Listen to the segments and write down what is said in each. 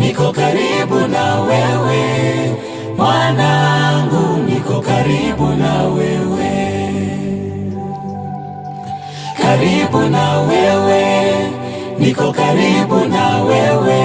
niko karibu na wewe mwanangu, niko karibu na wewe, karibu na wewe, niko karibu na wewe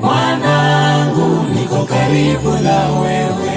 mwanangu, niko karibu na wewe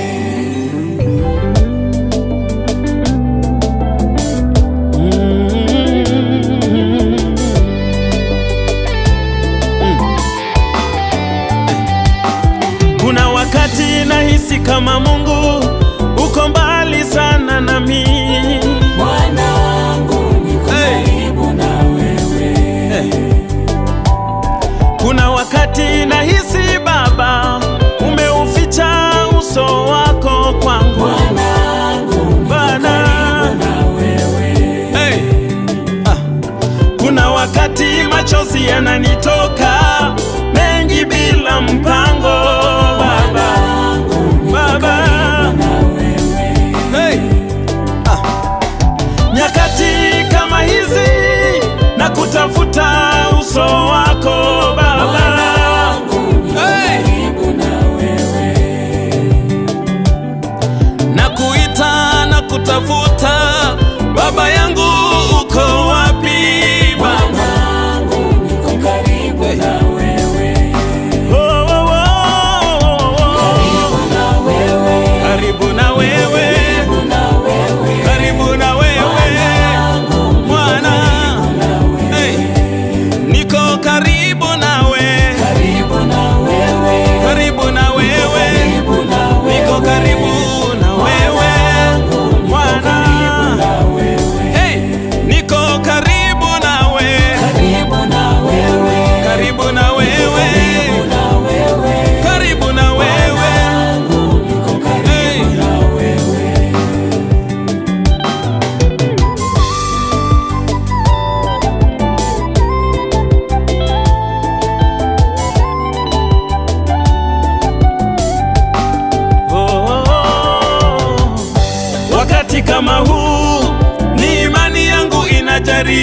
Ah.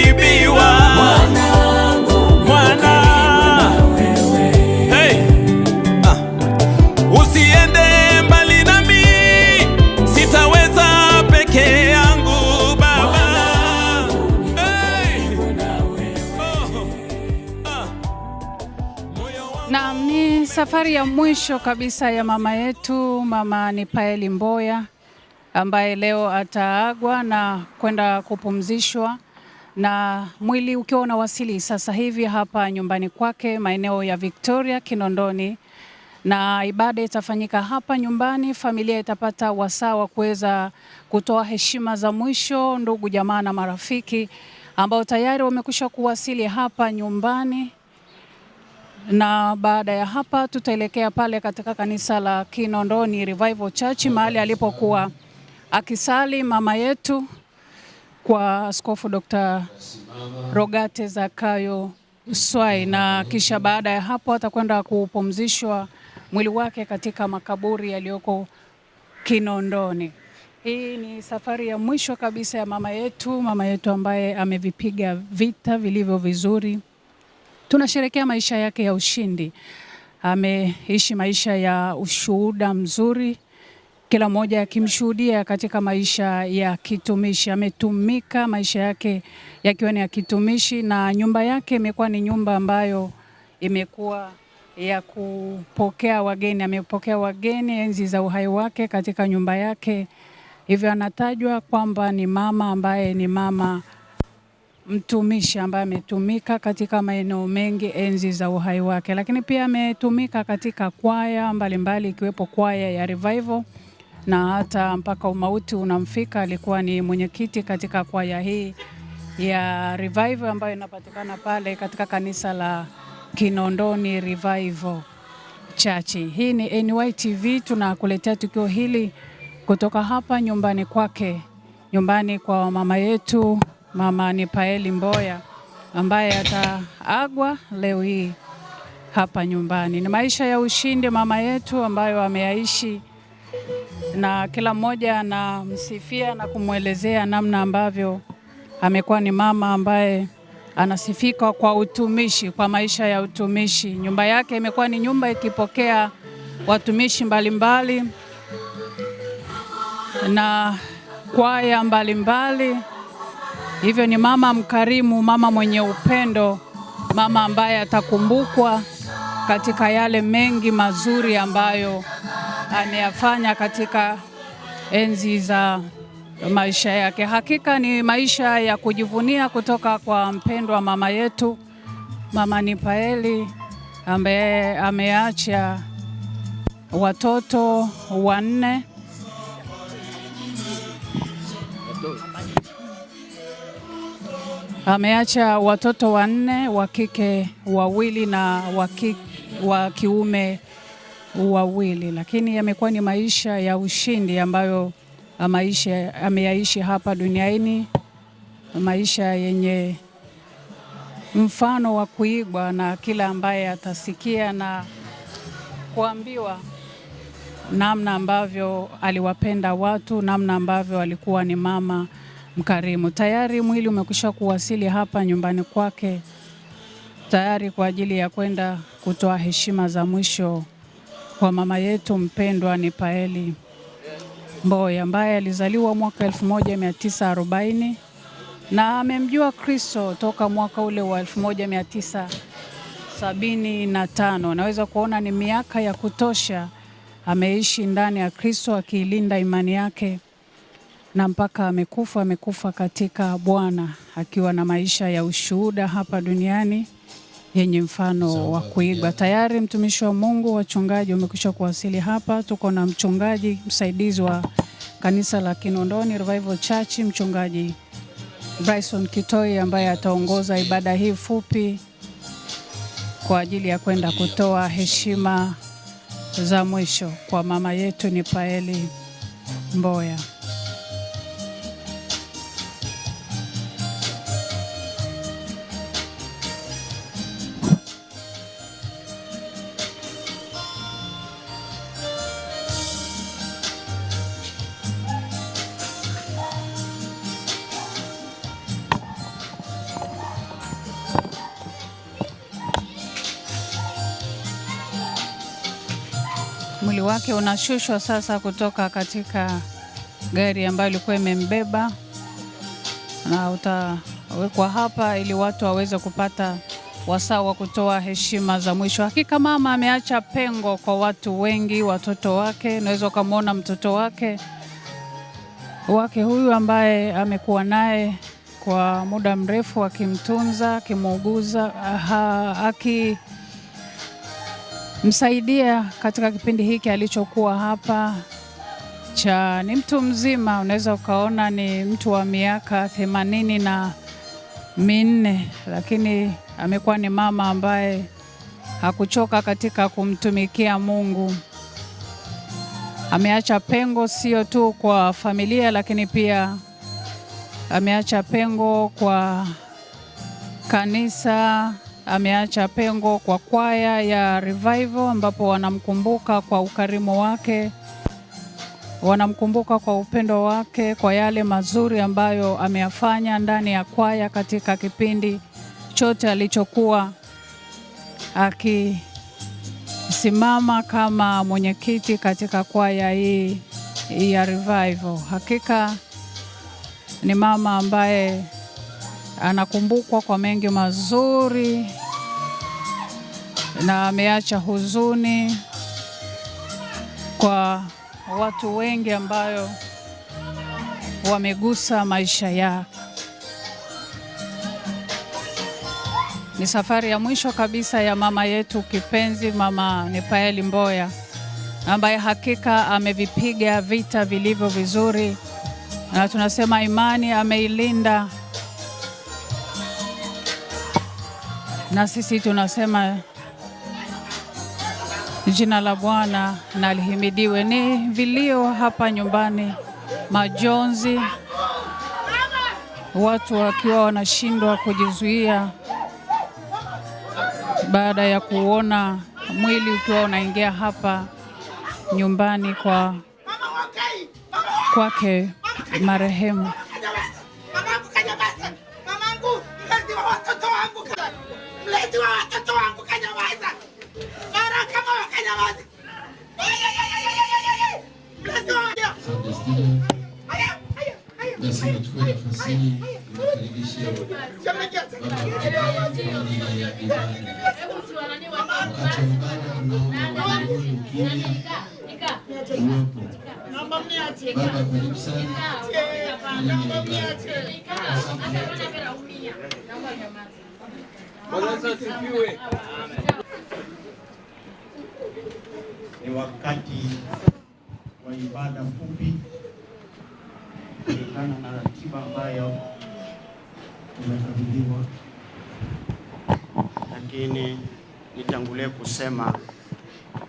usiende mbali sitaweza umeharibiwa oh. ah. Naam, ni safari ya mwisho kabisa ya mama yetu, mama ni Paeli Mboya ambaye leo ataagwa na kwenda kupumzishwa na mwili ukiwa unawasili sasa hivi hapa nyumbani kwake maeneo ya Victoria Kinondoni, na ibada itafanyika hapa nyumbani. Familia itapata wasaa wa kuweza kutoa heshima za mwisho, ndugu jamaa na marafiki ambao tayari wamekwisha kuwasili hapa nyumbani, na baada ya hapa tutaelekea pale katika kanisa la Kinondoni Revival Church mahali alipokuwa akisali mama yetu kwa Askofu Dr. Rogate Zakayo Swai, na kisha baada ya hapo atakwenda kupumzishwa mwili wake katika makaburi yaliyoko Kinondoni. Hii ni safari ya mwisho kabisa ya mama yetu, mama yetu ambaye amevipiga vita vilivyo vizuri. Tunasherekea maisha yake ya ushindi. Ameishi maisha ya ushuhuda mzuri kila mmoja akimshuhudia katika maisha ya kitumishi. Ametumika maisha yake yakiwa ni ya kitumishi, na nyumba yake imekuwa ni nyumba ambayo imekuwa ya kupokea wageni. Amepokea wageni enzi za uhai wake katika nyumba yake, hivyo anatajwa kwamba ni mama ambaye ni mama mtumishi ambaye ametumika katika maeneo mengi enzi za uhai wake, lakini pia ametumika katika kwaya mbalimbali ikiwepo kwaya ya Revival na hata mpaka umauti unamfika. Alikuwa ni mwenyekiti katika kwaya hii ya Revival ambayo inapatikana pale katika kanisa la Kinondoni Revival Church. Hii ni NY TV, tunakuletea tukio hili kutoka hapa nyumbani kwake, nyumbani kwa mama yetu, mama ni Paeli Mboya ambaye ataagwa leo hii hapa nyumbani. Ni maisha ya ushindi mama yetu ambayo ameyaishi na kila mmoja anamsifia na kumwelezea namna ambavyo amekuwa ni mama ambaye anasifika kwa utumishi, kwa maisha ya utumishi. Nyumba yake imekuwa ni nyumba ikipokea watumishi mbalimbali mbali, na kwaya mbalimbali Hivyo ni mama mkarimu, mama mwenye upendo, mama ambaye atakumbukwa katika yale mengi mazuri ambayo ameyafanya katika enzi za maisha yake. Hakika ni maisha ya kujivunia kutoka kwa mpendwa mama yetu Mama Nipaeli ambaye ameacha watoto wanne ameacha watoto wanne wa kike wawili na wa kiume uwawili, lakini yamekuwa ni maisha ya ushindi ambayo uh, maisha ameyaishi hapa duniani, maisha yenye mfano wa kuigwa na kila ambaye atasikia na kuambiwa namna ambavyo aliwapenda watu, namna ambavyo alikuwa ni mama mkarimu. Tayari mwili umekwisha kuwasili hapa nyumbani kwake, tayari kwa ajili ya kwenda kutoa heshima za mwisho wa mama yetu mpendwa ni Paeli Mboya ambaye alizaliwa mwaka 1940 na amemjua Kristo toka mwaka ule wa 1975. Naweza kuona ni miaka ya kutosha ameishi ndani ya Kristo akiilinda imani yake na mpaka amekufa. Amekufa katika Bwana akiwa na maisha ya ushuhuda hapa duniani yenye mfano wa kuigwa. Tayari mtumishi wa Mungu, wachungaji wamekwisha kuwasili hapa. Tuko na mchungaji msaidizi wa kanisa la Kinondoni Revival Church, mchungaji Bryson Kitoi ambaye ataongoza ibada hii fupi kwa ajili ya kwenda kutoa heshima za mwisho kwa mama yetu ni Paeli Mboya. wake unashushwa sasa kutoka katika gari ambayo ilikuwa imembeba na utawekwa hapa ili watu waweze kupata wasaa wa kutoa heshima za mwisho. Hakika mama ameacha pengo kwa watu wengi, watoto wake. Unaweza ukamwona mtoto wake wake huyu ambaye amekuwa naye kwa muda mrefu, akimtunza, akimuuguza, aki msaidia katika kipindi hiki alichokuwa hapa cha ni mtu mzima, unaweza ukaona ni mtu wa miaka themanini na minne, lakini amekuwa ni mama ambaye hakuchoka katika kumtumikia Mungu. Ameacha pengo sio tu kwa familia, lakini pia ameacha pengo kwa kanisa ameacha pengo kwa kwaya ya Revival ambapo wanamkumbuka kwa ukarimu wake, wanamkumbuka kwa upendo wake, kwa yale mazuri ambayo ameyafanya ndani ya kwaya katika kipindi chote alichokuwa akisimama kama mwenyekiti katika kwaya hii ya Revival. Hakika ni mama ambaye anakumbukwa kwa mengi mazuri na ameacha huzuni kwa watu wengi ambayo wamegusa maisha yao. Ni safari ya mwisho kabisa ya mama yetu kipenzi, Mama Nepaeli Mboya, ambaye hakika amevipiga vita vilivyo vizuri, na tunasema imani ameilinda, na sisi tunasema Jina la Bwana na lihimidiwe. Ni vilio hapa nyumbani, majonzi, watu wakiwa wanashindwa kujizuia baada ya kuona mwili ukiwa unaingia hapa nyumbani kwa kwake marehemu. mkubwa. Basi nachukua nafasi hii nimkaribishe baba ajili ya ibada. Wakati wa ibada tunaomba uongozi mzuri uwepo. Baba, karibu sana ajili ya ibada. Ni wakati wa ibada fupi kulingana na ratiba ambayo tumekabidhiwa, lakini nitangulie kusema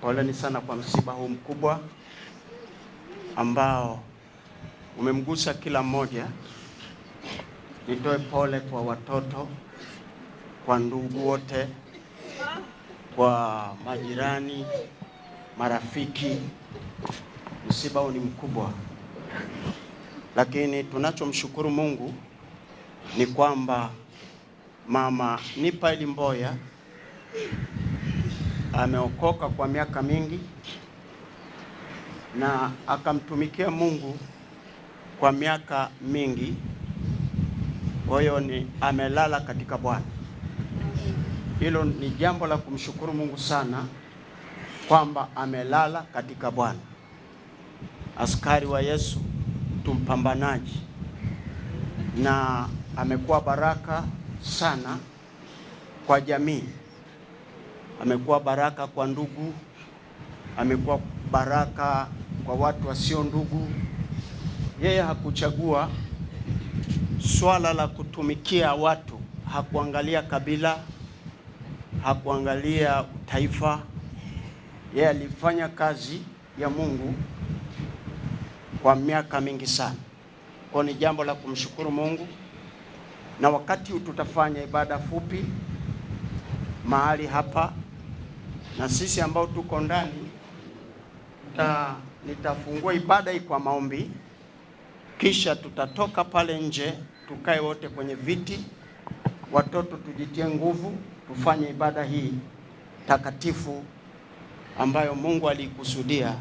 poleni sana kwa msiba huu mkubwa ambao umemgusa kila mmoja. Nitoe pole kwa watoto, kwa ndugu wote, kwa majirani, marafiki Msiba huu ni mkubwa, lakini tunachomshukuru Mungu ni kwamba mama Nipaeli Mboya ameokoka kwa miaka mingi na akamtumikia Mungu kwa miaka mingi. Kwa hiyo ni amelala katika Bwana. Hilo ni jambo la kumshukuru Mungu sana kwamba amelala katika Bwana askari wa Yesu, tumpambanaji, mpambanaji, na amekuwa baraka sana kwa jamii, amekuwa baraka kwa ndugu, amekuwa baraka kwa watu wasio ndugu. Yeye hakuchagua swala la kutumikia watu, hakuangalia kabila, hakuangalia taifa. Yeye alifanya kazi ya Mungu kwa miaka mingi sana. Kwa ni jambo la kumshukuru Mungu, na wakati tutafanya ibada fupi mahali hapa, na sisi ambao tuko ndani ta, nitafungua ibada hii kwa maombi, kisha tutatoka pale nje, tukae wote kwenye viti, watoto tujitie nguvu, tufanye ibada hii takatifu ambayo Mungu aliikusudia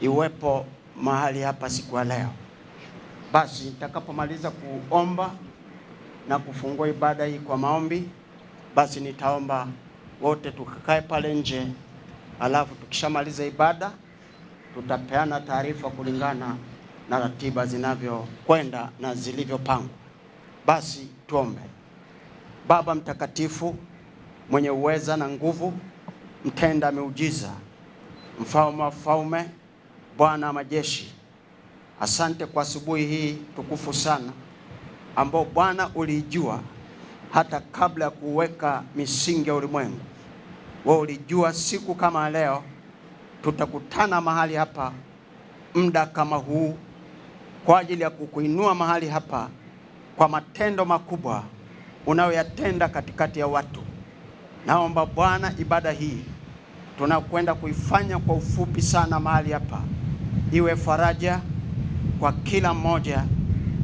iwepo mahali hapa siku ya leo. Basi nitakapomaliza kuomba na kufungua ibada hii kwa maombi, basi nitaomba wote tukakae pale nje, alafu tukishamaliza ibada tutapeana taarifa kulingana na ratiba zinavyokwenda na zilivyopangwa. Basi tuombe. Baba mtakatifu, mwenye uweza na nguvu, mtenda miujiza, mfalme wa falme Bwana majeshi, asante kwa asubuhi hii tukufu sana, ambao Bwana uliijua hata kabla ya kuweka misingi ya ulimwengu. Wewe ulijua siku kama leo tutakutana mahali hapa muda kama huu kwa ajili ya kukuinua mahali hapa kwa matendo makubwa unayoyatenda katikati ya watu. Naomba Bwana, ibada hii tunakwenda kuifanya kwa ufupi sana mahali hapa iwe faraja kwa kila mmoja,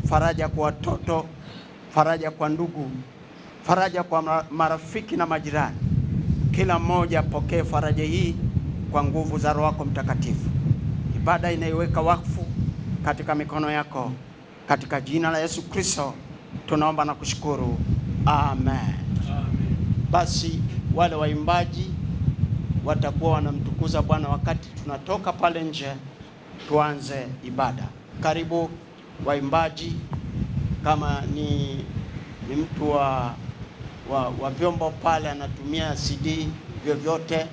faraja kwa watoto, faraja kwa ndugu, faraja kwa marafiki na majirani. Kila mmoja apokee faraja hii kwa nguvu za Roho yako Mtakatifu. Ibada inaiweka wakfu katika mikono yako, katika jina la Yesu Kristo tunaomba na kushukuru amen, amen. Basi wale waimbaji watakuwa wanamtukuza Bwana wakati tunatoka pale nje tuanze ibada. Karibu waimbaji, kama ni, ni mtu wa, wa, wa vyombo pale anatumia CD vyovyote,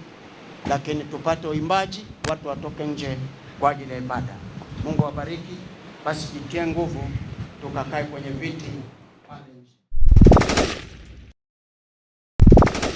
lakini tupate waimbaji, watu watoke nje kwa ajili ya ibada. Mungu awabariki. Basi jitie nguvu, tukakae kwenye viti.